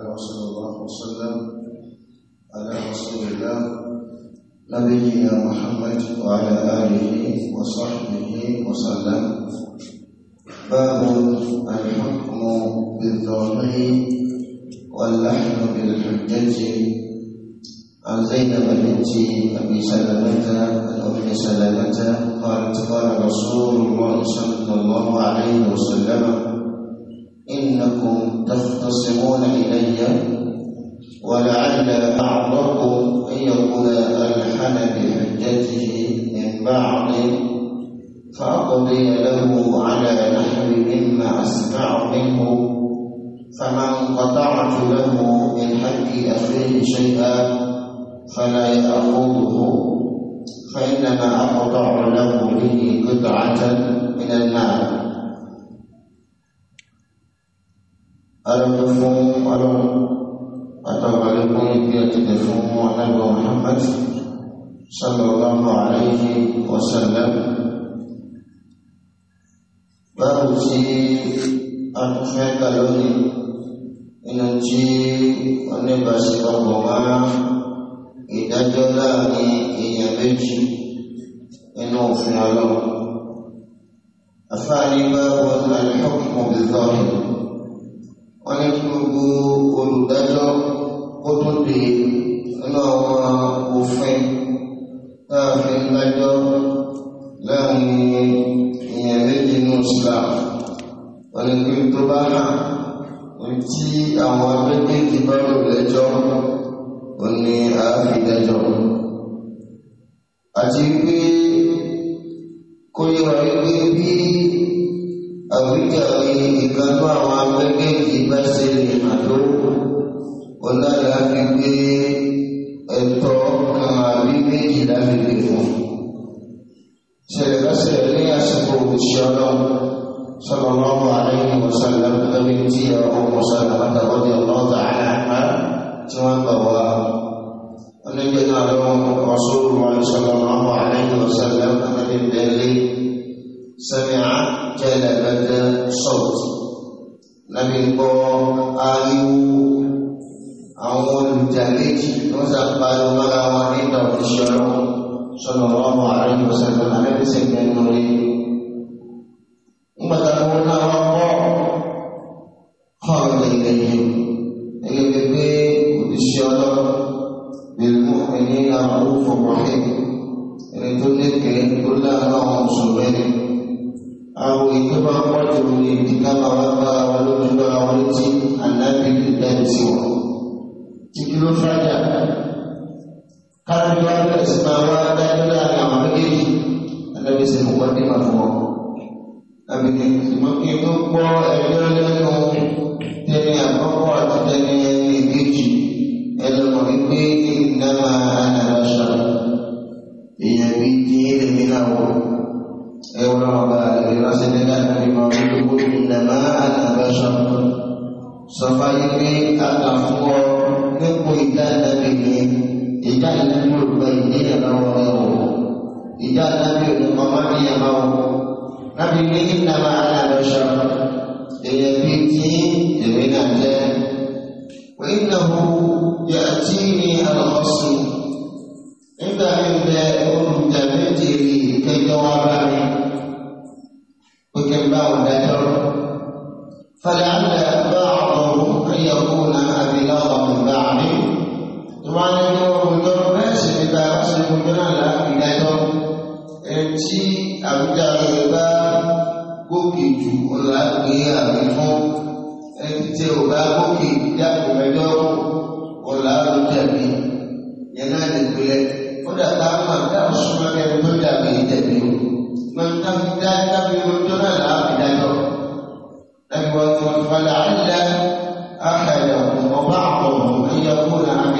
الله وصلى الله وسلم على رسول الله نبينا محمد وعلى آله وصحبه وسلم باب الحكم بالظاهر واللحن بالحجة عن زينب بنت أبي سلمة الام سلمة قالت قال رسول الله صلى الله عليه وسلم إنكم تختصمون إلي ولعل بعضكم أن يكون ألحن بحجته من بعض فأقضي له على نحو مما أسمع منه فمن قطعت له من حق أخيه شيئا فلا يأخذه فإنما أقطع له به قطعة من المال adọ́dọ́ fún ọlọ́run àtọ́gbàlẹ́ fún ibi àtìgbẹ̀ fún ọlọ́gbà Muhammad sallallahu alayhi wa sallam báwo tí a tún fẹ́ gbà lónìí nínú tí oníbàṣepapọ̀ máa ìdájọ́ láàrin èèyàn méjì nínú òfin ọlọ́run afáàní bá wọn àlẹ́ ọkùnrin bíi wọ́n ní kí gbogbo olùdájọ́ kó tó dé nínú àwọn òfin náà fi ń dájọ́ láàrin èèyàn méjì ní Islam wọ́n ní kí tó bá hàn ní tí àwọn méjèèjì bá rò lẹ́jọ́ wọ́n ní àáfìdájọ́ àti pé kó yẹ wáyé pé bí àwíjàre ìkanú àwọn abẹ́gẹ́jì bá ṣẹlẹ̀ àdó ọ̀la yà fi gbé Nabi ko ayu awon jadi no sabar marawani tau disyorong sallallahu alaihi wasallam ada sing ngene pé ìnáma ànàbàṣà èèyàn bí di ilẹ̀ níláwọ̀ ẹwọ́n ọba àlèyé ránṣẹ́ nígbà níbi máa ń gbogbo ìnáma ànàbàṣà sọfá yìí pé àgbà fún ọ nípò ìdá ìdábì ní ìdá ìdábì ò gba ìdíyà láwọn ẹwọ ìdá ìdábì ò ní ọmọ níyà máwọ láti ní ìnáma ànàbàṣà èèyàn bí ti èmi náà jẹ́ wọ́n ìnáwó. يأتيني الغسل إذا عند أم تبتلي كي جوابني وكم باو دجر فلعل بعضهم أن يكون أبلغ من بعض طبعا يقول دور ناس بيبقى أصل كنا لا بنادر ẹtí àbújá rẹ bá gòkè jù ọ̀la gbé àmì fún bá gòkè dákùnrin ọ̀la ló dàbí yẹn náà lè gbilẹ̀ kódà tá a máa dá òṣùwọ̀n rẹ̀ ló dàbí dàbí o máa ń dábí dá dábí lọ́jọ́ náà là á fi dájọ́ dábí wọn tó falẹ̀ àìlẹ́ àkàlẹ̀ ọ̀pọ̀ ọba àpọ̀ ọ̀hún ẹ̀yẹ kó nà á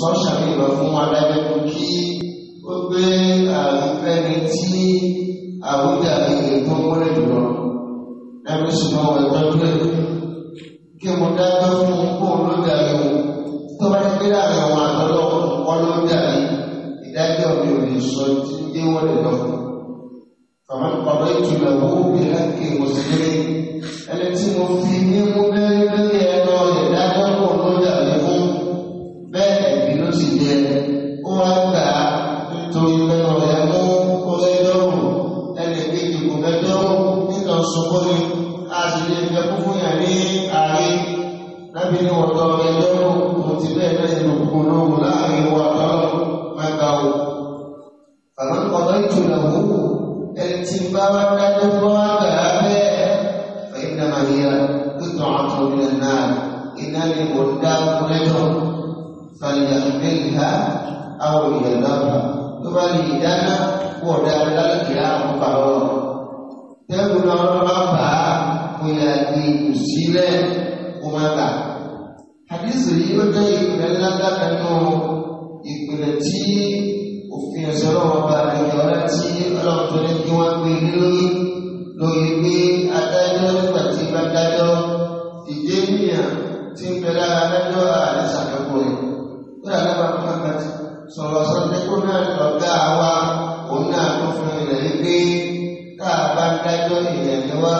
sọ́ṣà mi lọ fún adájọ́ kí ó gbé àrífẹ́ni tí àwùjáde ètò múlẹ̀ jùlọ ẹgbẹ́ ṣùgbọ́n wọ́n tọ́jú ẹ̀ kí mo dájọ́ fún kó ló dàrí o tó bá ti gbé láàrin àwọn àtọ́lọ́ wọn ló dàrí ìdájọ́ mi ò lè sọ tí ń gbé wọ́n lọ fún. ọ̀rọ̀ ìjùlọ̀ owó bí lákè mùsùlùmí ẹni tí mo fi ní mú bẹ́ẹ̀. قلوب لا وقرب مكاو فمن قضيت له التباع الدعاء فإنما هي قطعة من النار إن المدام نجر فليحملها أو يذرها تبالي دانا ودانا لك يا مقرر تقول ربها ويأتي سيلة ومتى àdísì yìí ó jẹ́ ìpìlẹ̀ ńláńlá kan nínú ìpìlẹ̀ tí òfin ẹ̀sẹ̀ ọlọ́wọ́ bá àyẹ̀wò láti ọlọ́run tó ní kí wọ́n gbé ní lórí lórí pé adájọ́ nígbà tí bá dájọ́ ìdé nìyàn tí ń bẹ lára lẹ́jọ́ àdìsàkẹ́kọ̀ọ́ rẹ̀ ó dà lọ́wọ́ Muhammad sọ̀rọ̀ sọ́dẹ́ kó náà lọ́gá wa òun náà tó fún ilẹ̀ yìí pé káà bá dájọ́ ìyẹn ni wá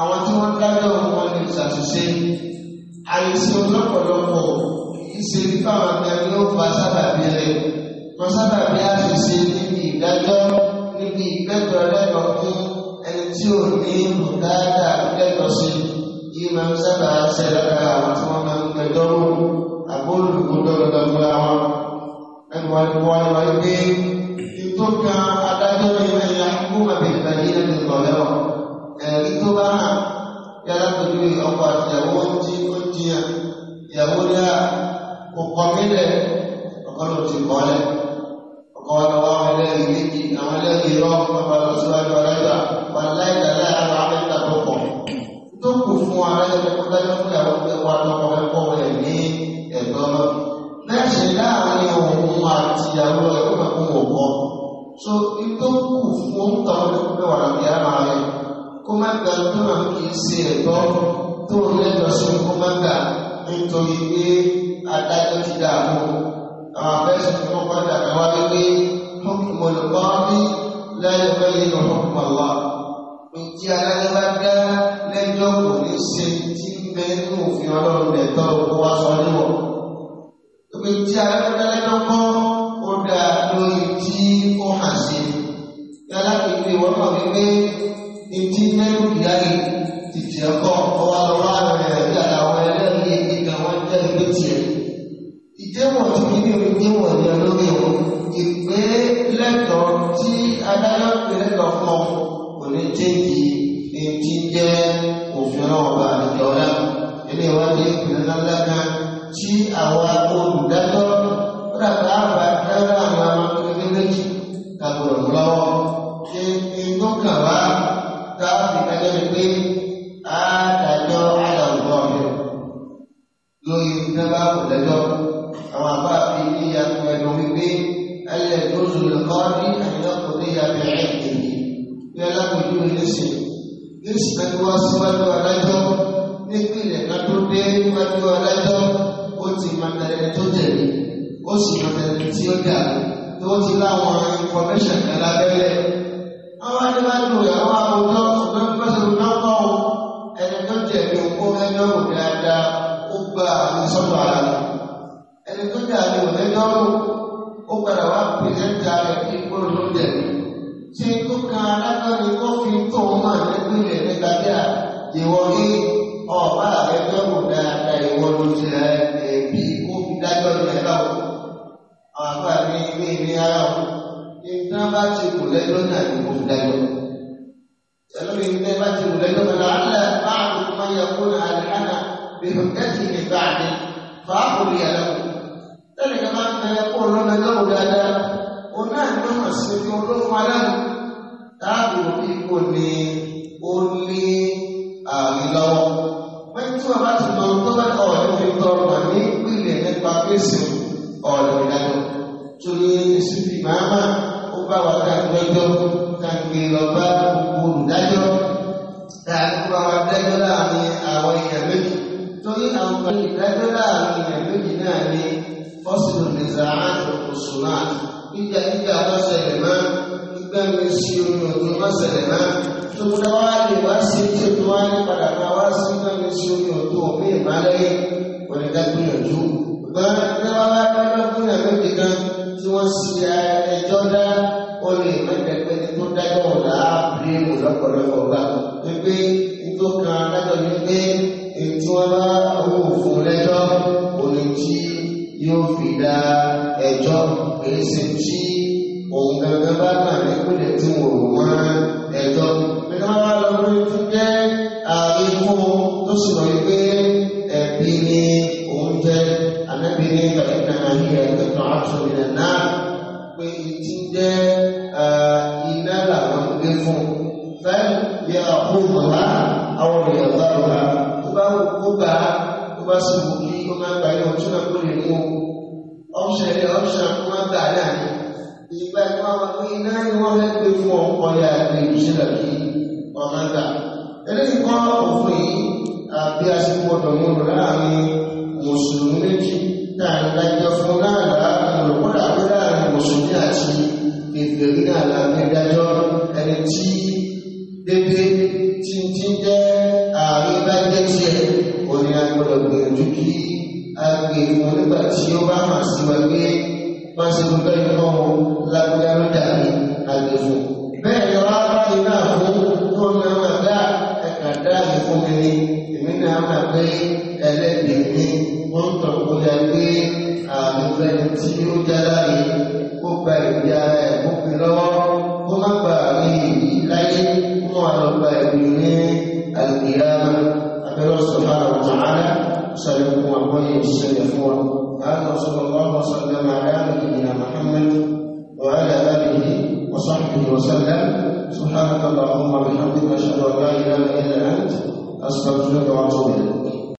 àwọn tí wọ́n dájọ́ wọn ní ìṣàtúnṣe àìsí ọlọ́pọ̀lọpọ̀ ìṣe nípa àwọn adarí ló fa sábàbí rẹ̀ wọ́n sábàbí àṣìṣe níbi ìdájọ́ níbi ìgbẹ́jọ́ lẹ́kọ̀ọ́ fún ẹni tí ò ní bùkátà lẹ́kọ̀ọ́ sí yìí máa ń sábà ṣe lára àwọn tí wọ́n máa ń gbẹjọ́ rò àbólùkú dọ́gbọ́dọ́gbọ́ àwọn ẹnu wa ni wọ́n wáyé pé ìtọ́ka ọkọ àtìyàwó ń jí ó jiyàn ìyàwó ní à ọkọ mílẹ̀ ọkọ ló ti kọ́lẹ̀ ọkọ wọn lọ́wọ́ àwọn ẹlẹ́yìn méjì àwọn ẹlẹ́yìn irọ́ ọba tó síwájú ọlẹ́gbà wọn láì dàlẹ́ àwọn abẹ́ta tó kọ̀ tó kù fún ara ẹni tó dájọ́ fún ìyàwó pé wọn lọ́kọ ẹ̀kọ́ rẹ̀ ní ẹ̀gbọ́n bẹ́ẹ̀ ṣe láàárín òun àtìyàwó ẹ̀kọ́ mẹ́kún òkọ́ so ikú kù fún òun tọ́lọ́ kó má gbàgbé àwọn kì í ṣe ẹ̀tọ́ tó lẹ́jọ́ sí kọ́mándà nítorí pé adájọ́ ti dààmú àwọn abẹ́sùn tí wọ́n padà bá wá wípé mọ́kùnmọ́lù bá rí lẹ́yìn pẹ́lú ọ̀pọ̀ wa. Ìjì adájọ́ bá dá lẹ́jọ́ kò ní ṣe tí mẹ́nu òfin ọlọ́run lẹ́tọ́ kó wá sọ níwọ̀. Ìjì adájọ́ dá lẹ́jọ́ kọ́ ó dá lórí tí ó hàn sí. Yálà pípé wọ́n mọ̀ wípé ìjì mẹ́nu ìyá yìí títí ẹ̀kọ́ ọwọ́ lọ́wọ́ ààrẹ ẹ̀rí àtàwọn ẹlẹ́rìí èdè kan wọ́n jẹ́ ìlú tiẹ̀. ìjẹ́wọ̀n tí kí ní oníjẹ́wọ̀n ní olórí wọn ìpè lẹ́tọ̀ọ́ tí adájọ́ pè lẹ́tọ̀ọ́ fún ọ kò ní tẹ́jì ní ti jẹ́ òfin ọlọ́wọ́ba àdìjọ náà ilé ìwádìí ìpìlẹ̀ lọ́lá kan tí àwọn olùdájọ́ kódà bá dára àwọn akéwì méjì kàgbọ̀rọ̀ lọ́wọ́ ṣe inú kàwá tá a fi kájọ́ pé iná bá kò lẹ́jọ́ àwọn àbá fi ní ìyàpò ẹnu wípé ẹlẹ́ tó zù lọ́kọ́ ní àyìnlọ́kọ̀ ní ìyàpò ẹ̀ èyí bí alákòjú nísìn nísìn pẹ̀lú wá síwájú adájọ́ nípìnlẹ̀ ká tó dé wájú adájọ́ ó ti mọ̀tẹ́lẹ̀ tó tẹ̀lé ó sì mọ̀tẹ́lẹ̀ tí ó dà tó ti láwọn information kan lábẹ́lẹ̀ àwọn adébájú àwọn àwùjọ ọ̀gbẹ́ wọ́n bá ti kù lẹ́jọ́ náà ní kò fi dájọ́. Ẹlọ́rin ní bá ti kù lẹ́jọ́ náà lálẹ́ báàlù máa yẹ kó náà àdìhánà bí hùkẹ́tì ní báàdì fàákùrì ẹ̀lọ́kù. Lẹ́nu kan máa ń bẹ kó lọ́nà lọ́wọ́ dáadáa, òun náà ní wọ́n sì fi olóhùn aláàbò. Táàbù òbí ní ó àmì lọ́wọ́. Wọ́n tí bá ti lọ tó bá kọ̀ ọ́ ní lè wá sí tí o wá ní padà máa wá sí náà sí omi ọ̀tún omi ìmálẹ́yẹ ọ̀nìdá gbìyànjú. Ṣùgbọ́n ní wọ́n bá bá bá gbìyànjú méjì kan tí wọ́n sì ẹjọ́ dá ọ̀nà ìmọ̀tẹ̀pẹ́ ní tó dájọ́ ọ̀la àbúrí ìwò lọ́pọ̀lọpọ̀ gbà. Pépé ètò kan adájọ́ ní pé ètò ọba owó òfin lẹ́jọ́ òní tí yóò fi dá ẹjọ́ èsì tí òun gangan bá gbà ní kúlẹ̀ tí wọ́n wọ́n lórí tó jẹ́ ààrẹ fún tó sì rọ̀ wípé ẹ̀bí ni òun jẹ́ ànábì ní ìgbàlẹ́ náà ní ẹ̀ẹ́dẹ́ tó àtúntò nílẹ̀ náà pé ìtí jẹ́ iná làwọn gbé fún fẹ́ yẹ àpò ìmọ̀lá àwọn èèyàn bá rọ̀ wá tó bá wù kó gbà á tó bá sì wù kí ó máa gbà yóò tún àpò lè mú ọ̀ṣẹ̀ ní ọ̀ṣẹ̀ kó máa gbà náà ìgbà ìpamọ́ iná ni wọ́n fẹ́ gbé fún ọ̀pọ̀ yà àgbè ọ̀gáńdà eléyìí kọ́ òfin yìí àbí aṣípọ̀dọ̀ mú lò láàrin mùsùlùmí méjì láàrin dájọ́ fún láàrin olùkọ́dà pé láàrin mùsùlùmí àti ìgbèrí náà láàrin dájọ́ ẹni tí dédé tí ti jẹ́ àárín dájọ́ tiẹ̀ òní agbọ́dọ̀ gbìyànjú kí agbè wọn nígbà tí ó bá hàn sí wa pé wọ́n ṣe gbogbo ẹni kọ́ wọn dàbí agbè bẹ́ẹ̀ ni wọ́n á bá iná fún ojú ọmọ ẹ̀rọ ẹ̀dá ẹ̀ka dá mi fún mi ní èmi náà máa pé ẹlẹ́bìí mi wọ́n tọ̀ kó lẹ́ pé àmì fẹ́ni tí ó já láàyè kó gba ìdí ara ẹ̀ kó fi lọ́wọ́ kó má gba àmì ìdí láyé kó wọn gba ìdí ní àgbéyàmà abẹ́rẹ́ sọ̀rọ̀ àwọn ọ̀tàn ara sọ̀rọ̀ fún wa ìṣẹ̀lẹ̀ fún wa.